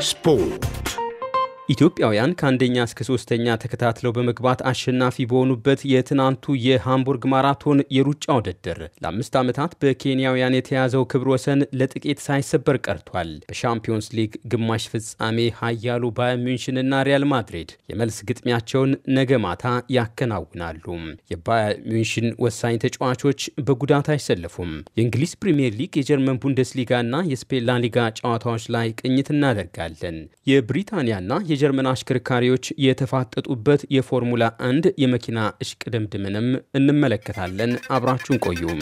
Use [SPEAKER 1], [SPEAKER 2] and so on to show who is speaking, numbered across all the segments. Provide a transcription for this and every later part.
[SPEAKER 1] Sport. ኢትዮጵያውያን ከአንደኛ እስከ ሶስተኛ ተከታትለው በመግባት አሸናፊ በሆኑበት የትናንቱ የሃምቡርግ ማራቶን የሩጫ ውድድር ለአምስት ዓመታት በኬንያውያን የተያዘው ክብር ወሰን ለጥቂት ሳይሰበር ቀርቷል። በሻምፒዮንስ ሊግ ግማሽ ፍጻሜ ኃያሉ ባየር ሚንሽንና ሪያል ማድሪድ የመልስ ግጥሚያቸውን ነገ ማታ ያከናውናሉ። የባየር ሚንሽን ወሳኝ ተጫዋቾች በጉዳት አይሰለፉም። የእንግሊዝ ፕሪምየር ሊግ፣ የጀርመን ቡንደስሊጋና የስፔን ላሊጋ ጨዋታዎች ላይ ቅኝት እናደርጋለን። የብሪታንያና የጀርመን አሽከርካሪዎች የተፋጠጡበት የፎርሙላ 1 የመኪና እሽቅድምድምንም እንመለከታለን። አብራችሁን ቆዩም።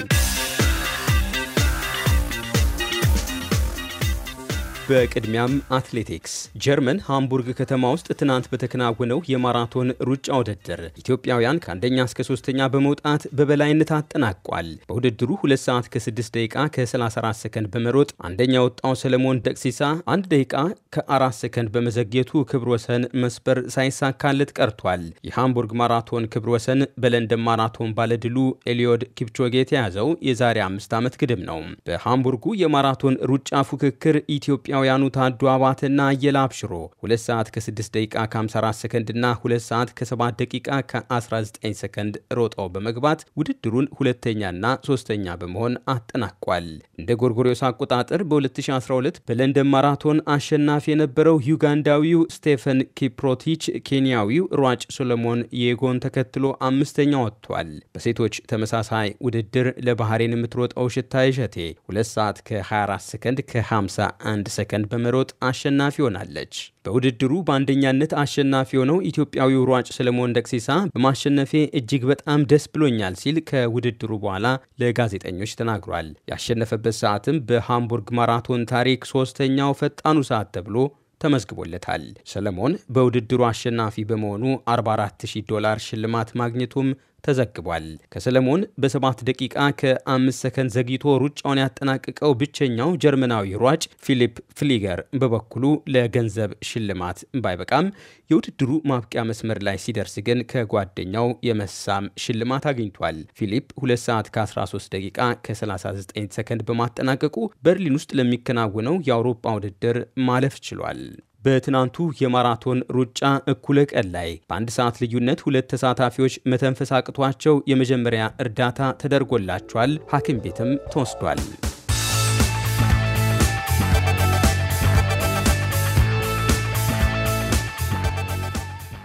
[SPEAKER 1] በቅድሚያም አትሌቲክስ ጀርመን ሃምቡርግ ከተማ ውስጥ ትናንት በተከናወነው የማራቶን ሩጫ ውድድር ኢትዮጵያውያን ከአንደኛ እስከ ሶስተኛ በመውጣት በበላይነት አጠናቋል። በውድድሩ 2 ሰዓት ከ6 ደቂቃ ከ34 ሰከንድ በመሮጥ አንደኛ ወጣው ሰለሞን ደቅሲሳ 1 ደቂቃ ከ4 ሰከንድ በመዘግየቱ ክብር ወሰን መስበር ሳይሳካለት ቀርቷል። የሃምቡርግ ማራቶን ክብር ወሰን በለንደን ማራቶን ባለድሉ ኤልዮድ ኪፕቾጌ የተያዘው የዛሬ አምስት ዓመት ግድም ነው። በሃምቡርጉ የማራቶን ሩጫ ፉክክር ኢትዮጵያ ኢትዮጵያውያኑ ታዱ አባትና የላብ ሽሮ 2 ሰዓት ከ6 ደቂቃ ከ54 ሰከንድ እና 2 ሰዓት ከ7 ደቂቃ ከ19 ሰከንድ ሮጠው በመግባት ውድድሩን ሁለተኛና ሶስተኛ በመሆን አጠናቋል። እንደ ጎርጎሪዮስ አቆጣጠር በ2012 በለንደን ማራቶን አሸናፊ የነበረው ዩጋንዳዊው ስቴፈን ኪፕሮቲች ኬንያዊው ሯጭ ሶሎሞን የጎን ተከትሎ አምስተኛ ወጥቷል። በሴቶች ተመሳሳይ ውድድር ለባህሬን የምትሮጠው ሽታ ይሸቴ 2 ሰዓት ከ24 ሰከንድ ከ51 ሰ ሰከንድ በመሮጥ አሸናፊ ሆናለች። በውድድሩ በአንደኛነት አሸናፊ የሆነው ኢትዮጵያዊው ሯጭ ሰለሞን ደቅሴሳ በማሸነፌ እጅግ በጣም ደስ ብሎኛል ሲል ከውድድሩ በኋላ ለጋዜጠኞች ተናግሯል። ያሸነፈበት ሰዓትም በሃምቡርግ ማራቶን ታሪክ ሶስተኛው ፈጣኑ ሰዓት ተብሎ ተመዝግቦለታል። ሰለሞን በውድድሩ አሸናፊ በመሆኑ 44000 ዶላር ሽልማት ማግኘቱም ተዘግቧል። ከሰለሞን በሰባት ደቂቃ ከአምስት ሰከንድ ዘግይቶ ሩጫውን ያጠናቀቀው ብቸኛው ጀርመናዊ ሯጭ ፊሊፕ ፍሊገር በበኩሉ ለገንዘብ ሽልማት ባይበቃም የውድድሩ ማብቂያ መስመር ላይ ሲደርስ ግን ከጓደኛው የመሳም ሽልማት አግኝቷል። ፊሊፕ 2 ሰዓት ከ13 ደቂቃ ከ39 ሰከንድ በማጠናቀቁ በርሊን ውስጥ ለሚከናወነው የአውሮፓ ውድድር ማለፍ ችሏል። በትናንቱ የማራቶን ሩጫ እኩለ ቀን ላይ በአንድ ሰዓት ልዩነት ሁለት ተሳታፊዎች መተንፈስ አቅቷቸው የመጀመሪያ እርዳታ ተደርጎላቸዋል። ሐኪም ቤትም ተወስዷል።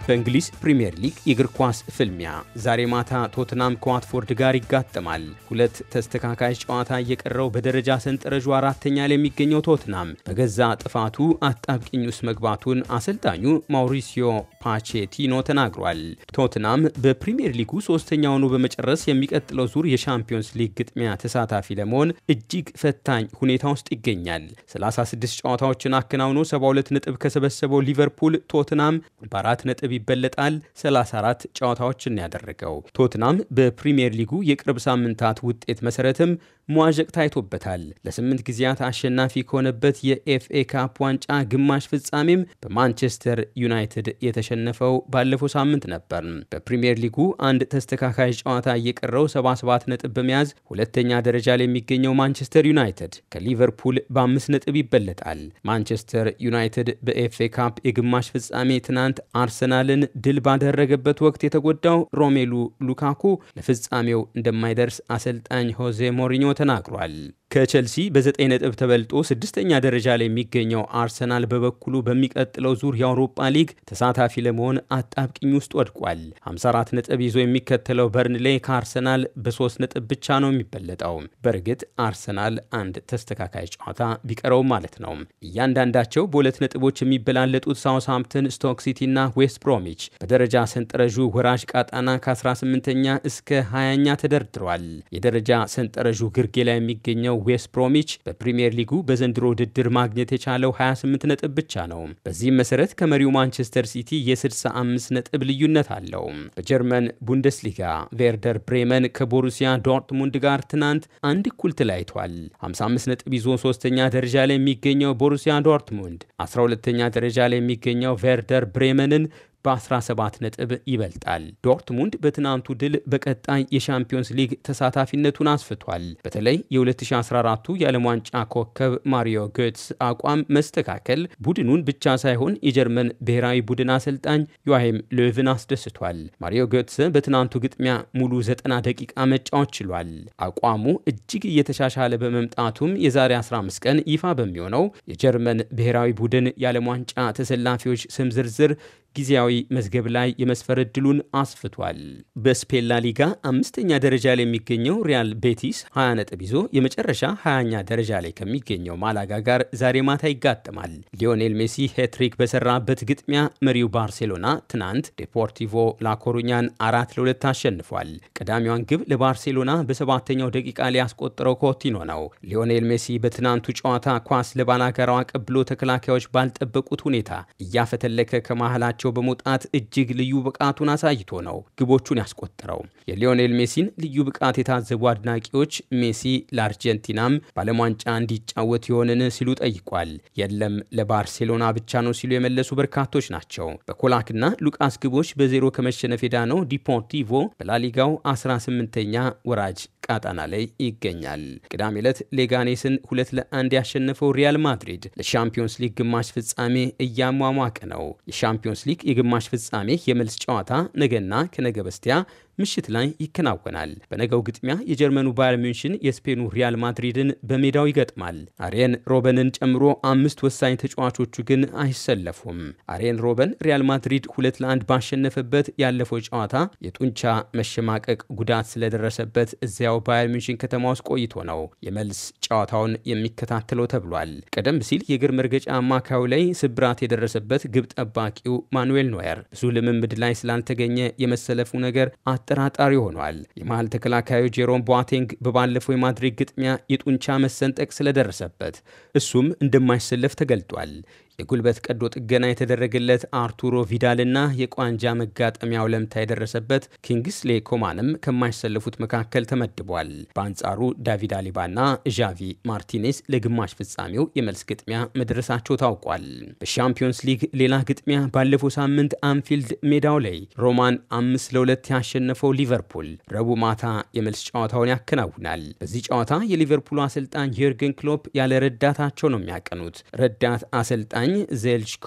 [SPEAKER 1] በእንግሊዝ ፕሪምየር ሊግ የእግር ኳስ ፍልሚያ ዛሬ ማታ ቶትናም ከዋትፎርድ ጋር ይጋጠማል። ሁለት ተስተካካይ ጨዋታ እየቀረው በደረጃ ሰንጠረዡ አራተኛ ላይ የሚገኘው ቶትናም በገዛ ጥፋቱ አጣብቂኝ ውስጥ መግባቱን አሰልጣኙ ማውሪሲዮ ፓቼቲኖ ተናግሯል። ቶትናም በፕሪምየር ሊጉ ሶስተኛ ሆኖ በመጨረስ የሚቀጥለው ዙር የሻምፒዮንስ ሊግ ግጥሚያ ተሳታፊ ለመሆን እጅግ ፈታኝ ሁኔታ ውስጥ ይገኛል። 36 ጨዋታዎችን አከናውኖ 72 ነጥብ ከሰበሰበው ሊቨርፑል ቶትናም በአራት ነጥብ ነጥብ ይበለጣል። 34 ጨዋታዎችን ያደረገው ቶትናም በፕሪምየር ሊጉ የቅርብ ሳምንታት ውጤት መሰረትም መዋዠቅ ታይቶበታል። ለስምንት ጊዜያት አሸናፊ ከሆነበት የኤፍኤ ካፕ ዋንጫ ግማሽ ፍጻሜም በማንቸስተር ዩናይትድ የተሸነፈው ባለፈው ሳምንት ነበር። በፕሪምየር ሊጉ አንድ ተስተካካይ ጨዋታ እየቀረው 77 ነጥብ በመያዝ ሁለተኛ ደረጃ ላይ የሚገኘው ማንቸስተር ዩናይትድ ከሊቨርፑል በአምስት ነጥብ ይበለጣል። ማንቸስተር ዩናይትድ በኤፍኤ ካፕ የግማሽ ፍጻሜ ትናንት አርሰናልን ድል ባደረገበት ወቅት የተጎዳው ሮሜሉ ሉካኩ ለፍጻሜው እንደማይደርስ አሰልጣኝ ሆዜ ሞሪኞ ተናግሯል። ከቸልሲ በ9 ነጥብ ተበልጦ ስድስተኛ ደረጃ ላይ የሚገኘው አርሰናል በበኩሉ በሚቀጥለው ዙር የአውሮፓ ሊግ ተሳታፊ ለመሆን አጣብቅኝ ውስጥ ወድቋል። 54 ነጥብ ይዞ የሚከተለው በርንሌ ከአርሰናል በ3 ነጥብ ብቻ ነው የሚበለጠው። በእርግጥ አርሰናል አንድ ተስተካካይ ጨዋታ ቢቀረው ማለት ነው። እያንዳንዳቸው በሁለት ነጥቦች የሚበላለጡት ሳውስሃምፕተን፣ ስቶክ ሲቲ እና ዌስት ብሮሚች በደረጃ ሰንጠረዡ ወራጅ ቃጣና ከ18ኛ እስከ 20ኛ ተደርድሯል። የደረጃ ሰንጠረዡ ግርጌ ላይ የሚገኘው ዌስት ብሮሚች በፕሪምየር ሊጉ በዘንድሮ ውድድር ማግኘት የቻለው 28 ነጥብ ብቻ ነው። በዚህም መሰረት ከመሪው ማንቸስተር ሲቲ የ65 ነጥብ ልዩነት አለው። በጀርመን ቡንደስሊጋ ቬርደር ብሬመን ከቦሩሲያ ዶርትሙንድ ጋር ትናንት አንድ እኩል ተለያይቷል። 55 ነጥብ ይዞ ሶስተኛ ደረጃ ላይ የሚገኘው ቦሩሲያ ዶርትሙንድ 12 ተኛ ደረጃ ላይ የሚገኘው ቬርደር ብሬመንን በ17 ነጥብ ይበልጣል። ዶርትሙንድ በትናንቱ ድል በቀጣይ የሻምፒዮንስ ሊግ ተሳታፊነቱን አስፍቷል። በተለይ የ2014ቱ የዓለም ዋንጫ ኮከብ ማሪዮ ጎትስ አቋም መስተካከል ቡድኑን ብቻ ሳይሆን የጀርመን ብሔራዊ ቡድን አሰልጣኝ ዮሃይም ሎቭን አስደስቷል። ማሪዮ ጎትስ በትናንቱ ግጥሚያ ሙሉ 90 ደቂቃ መጫወት ችሏል። አቋሙ እጅግ እየተሻሻለ በመምጣቱም የዛሬ 15 ቀን ይፋ በሚሆነው የጀርመን ብሔራዊ ቡድን የዓለም ዋንጫ ተሰላፊዎች ስም ዝርዝር ጊዜያዊ መዝገብ ላይ የመስፈር ዕድሉን አስፍቷል። በስፔን ላ ሊጋ አምስተኛ ደረጃ ላይ የሚገኘው ሪያል ቤቲስ 20 ነጥብ ይዞ የመጨረሻ 20ኛ ደረጃ ላይ ከሚገኘው ማላጋ ጋር ዛሬ ማታ ይጋጥማል። ሊዮኔል ሜሲ ሄትሪክ በሰራበት ግጥሚያ መሪው ባርሴሎና ትናንት ዴፖርቲቮ ላኮሩኛን አራት ለሁለት አሸንፏል። ቀዳሚዋን ግብ ለባርሴሎና በሰባተኛው ደቂቃ ላይ ያስቆጠረው ኮቲኖ ነው። ሊዮኔል ሜሲ በትናንቱ ጨዋታ ኳስ ለባላጋራው አቀብሎ ተከላካዮች ባልጠበቁት ሁኔታ እያፈተለከ ከመሃላቸው ከሜዳቸው በመውጣት እጅግ ልዩ ብቃቱን አሳይቶ ነው ግቦቹን ያስቆጠረው። የሊዮኔል ሜሲን ልዩ ብቃት የታዘቡ አድናቂዎች ሜሲ ለአርጀንቲናም በዓለም ዋንጫ እንዲጫወት የሆንን ሲሉ ጠይቋል። የለም ለባርሴሎና ብቻ ነው ሲሉ የመለሱ በርካቶች ናቸው። በኮላክና ሉቃስ ግቦች በዜሮ ከመሸነፍ ሄዳ ነው ዲፖርቲቮ በላሊጋው 18ኛ ወራጅ ቃጣና ላይ ይገኛል። ቅዳሜ ዕለት ሌጋኔስን ሁለት ለአንድ ያሸነፈው ሪያል ማድሪድ ለሻምፒዮንስ ሊግ ግማሽ ፍጻሜ እያሟሟቀ ነው። የሻምፒዮንስ ሊግ ፓሲፊክ የግማሽ ፍጻሜ የመልስ ጨዋታ ነገና ከነገ በስቲያ ምሽት ላይ ይከናወናል። በነገው ግጥሚያ የጀርመኑ ባየር ሚንሽን የስፔኑ ሪያል ማድሪድን በሜዳው ይገጥማል። አሬን ሮበንን ጨምሮ አምስት ወሳኝ ተጫዋቾቹ ግን አይሰለፉም። አሬን ሮበን ሪያል ማድሪድ ሁለት ለአንድ ባሸነፈበት ያለፈው ጨዋታ የጡንቻ መሸማቀቅ ጉዳት ስለደረሰበት እዚያው ባየር ሚንሽን ከተማ ውስጥ ቆይቶ ነው የመልስ ጨዋታውን የሚከታተለው ተብሏል። ቀደም ሲል የእግር መርገጫ አማካዩ ላይ ስብራት የደረሰበት ግብ ጠባቂው ማኑዌል ኖየር ብዙ ልምምድ ላይ ስላልተገኘ የመሰለፉ ነገር አጠራጣሪ ሆኗል። የመሀል ተከላካዩ ጄሮም ቧቴንግ በባለፈው የማድሪድ ግጥሚያ የጡንቻ መሰንጠቅ ስለደረሰበት እሱም እንደማይሰለፍ ተገልጧል። የጉልበት ቀዶ ጥገና የተደረገለት አርቱሮ ቪዳልና የቋንጃ መጋጠሚያው ለምታ የደረሰበት ኪንግስሌ ኮማንም ከማይሰለፉት መካከል ተመድቧል። በአንጻሩ ዳቪድ አሊባና ዣቪ ማርቲኔስ ለግማሽ ፍጻሜው የመልስ ግጥሚያ መድረሳቸው ታውቋል። በሻምፒዮንስ ሊግ ሌላ ግጥሚያ ባለፈው ሳምንት አንፊልድ ሜዳው ላይ ሮማን አምስት ለሁለት ያሸነፈው ሊቨርፑል ረቡዕ ማታ የመልስ ጨዋታውን ያከናውናል። በዚህ ጨዋታ የሊቨርፑሉ አሰልጣኝ ዩርገን ክሎፕ ያለ ረዳታቸው ነው የሚያቀኑት። ረዳት አሰልጣኝ አሰልጣኝ ዜልችኮ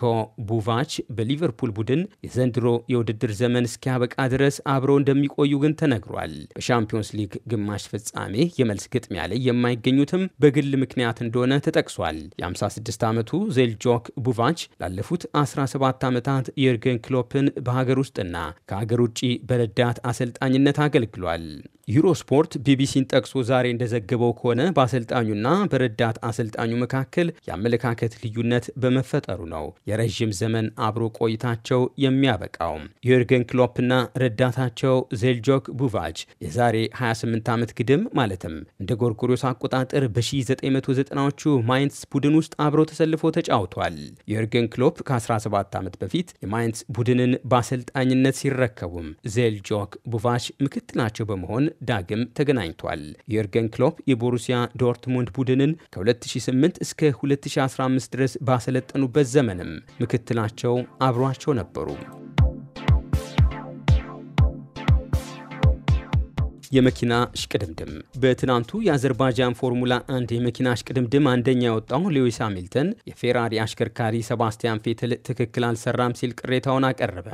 [SPEAKER 1] ቡቫች በሊቨርፑል ቡድን የዘንድሮ የውድድር ዘመን እስኪያበቃ ድረስ አብረው እንደሚቆዩ ግን ተነግሯል። በሻምፒዮንስ ሊግ ግማሽ ፍጻሜ የመልስ ግጥሚያ ላይ የማይገኙትም በግል ምክንያት እንደሆነ ተጠቅሷል። የ56 ዓመቱ ዘልጆክ ቡቫች ላለፉት 17 ዓመታት የርገን ክሎፕን በሀገር ውስጥና ከሀገር ውጭ በረዳት አሰልጣኝነት አገልግሏል። ዩሮስፖርት ቢቢሲን ጠቅሶ ዛሬ እንደዘገበው ከሆነ በአሰልጣኙና በረዳት አሰልጣኙ መካከል የአመለካከት ልዩነት በመፈጠሩ ነው የረዥም ዘመን አብሮ ቆይታቸው የሚያበቃው። ዩርገን ክሎፕና ረዳታቸው ዜልጆክ ቡቫች የዛሬ 28 ዓመት ግድም ማለትም እንደ ጎርጎሪዮስ አቆጣጠር በ1990ዎቹ ማይንስ ቡድን ውስጥ አብሮ ተሰልፎ ተጫውቷል። ዩርገን ክሎፕ ከ17 ዓመት በፊት የማይንስ ቡድንን በአሰልጣኝነት ሲረከቡም ዜልጆክ ቡቫች ምክትላቸው በመሆን ዳግም ተገናኝቷል። የርገን ክሎፕ የቦሩሲያ ዶርትሙንድ ቡድንን ከ2008 እስከ 2015 ድረስ ባሰለጠኑበት ዘመንም ምክትላቸው አብሯቸው ነበሩ። የመኪና ሽቅድምድም በትናንቱ የአዘርባጃን ፎርሙላ አንድ የመኪና ሽቅድምድም አንደኛ የወጣው ሌዊስ ሃሚልተን የፌራሪ አሽከርካሪ ሰባስቲያን ፌትል ትክክል አልሰራም ሲል ቅሬታውን አቀረበ።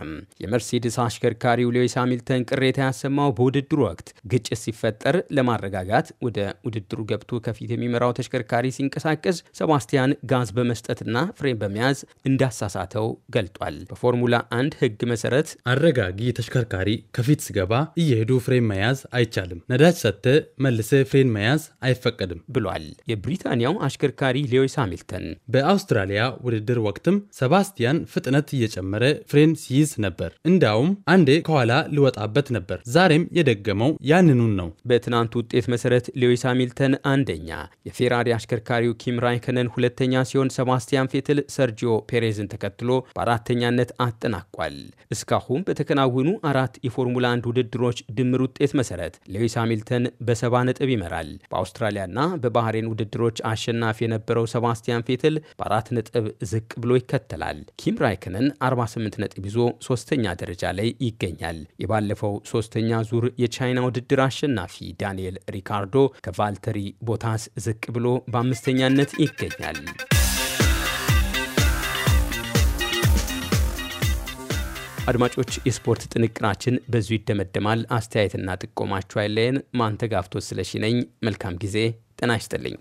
[SPEAKER 1] የመርሴዲስ አሽከርካሪው ሌዊስ ሃሚልተን ቅሬታ ያሰማው በውድድሩ ወቅት ግጭት ሲፈጠር ለማረጋጋት ወደ ውድድሩ ገብቶ ከፊት የሚመራው ተሽከርካሪ ሲንቀሳቀስ ሰባስቲያን ጋዝ በመስጠትና ፍሬም በመያዝ እንዳሳሳተው ገልጧል። በፎርሙላ አንድ ህግ መሰረት አረጋጊ ተሽከርካሪ ከፊት ስገባ እየሄዱ ፍሬም መያዝ አይ አይቻልም። ነዳጅ ሰጥተ መልሰ ፍሬን መያዝ አይፈቀድም ብሏል የብሪታንያው አሽከርካሪ ሌዊስ ሃሚልተን። በአውስትራሊያ ውድድር ወቅትም ሰባስቲያን ፍጥነት እየጨመረ ፍሬን ሲይዝ ነበር። እንዳውም አንዴ ከኋላ ልወጣበት ነበር። ዛሬም የደገመው ያንኑን ነው። በትናንቱ ውጤት መሰረት ሌዊስ ሃሚልተን አንደኛ፣ የፌራሪ አሽከርካሪው ኪም ራይከነን ሁለተኛ ሲሆን ሰባስቲያን ፌትል ሰርጂዮ ፔሬዝን ተከትሎ በአራተኛነት አጠናቋል። እስካሁን በተከናወኑ አራት የፎርሙላ አንድ ውድድሮች ድምር ውጤት መሰረት ሌዊስ ሃሚልተን በሰባ ነጥብ ይመራል። በአውስትራሊያና በባህሬን ውድድሮች አሸናፊ የነበረው ሰባስቲያን ፌትል በአራት ነጥብ ዝቅ ብሎ ይከተላል። ኪም ራይክንን 48 ነጥብ ይዞ ሶስተኛ ደረጃ ላይ ይገኛል። የባለፈው ሶስተኛ ዙር የቻይና ውድድር አሸናፊ ዳንኤል ሪካርዶ ከቫልተሪ ቦታስ ዝቅ ብሎ በአምስተኛነት ይገኛል። አድማጮች፣ የስፖርት ጥንቅናችን በዙ ይደመደማል። አስተያየትና ጥቆማችሁ አይለየን። ማንተጋፍቶ ስለሺ ነኝ። መልካም ጊዜ። ጤና ይስጥልኝ።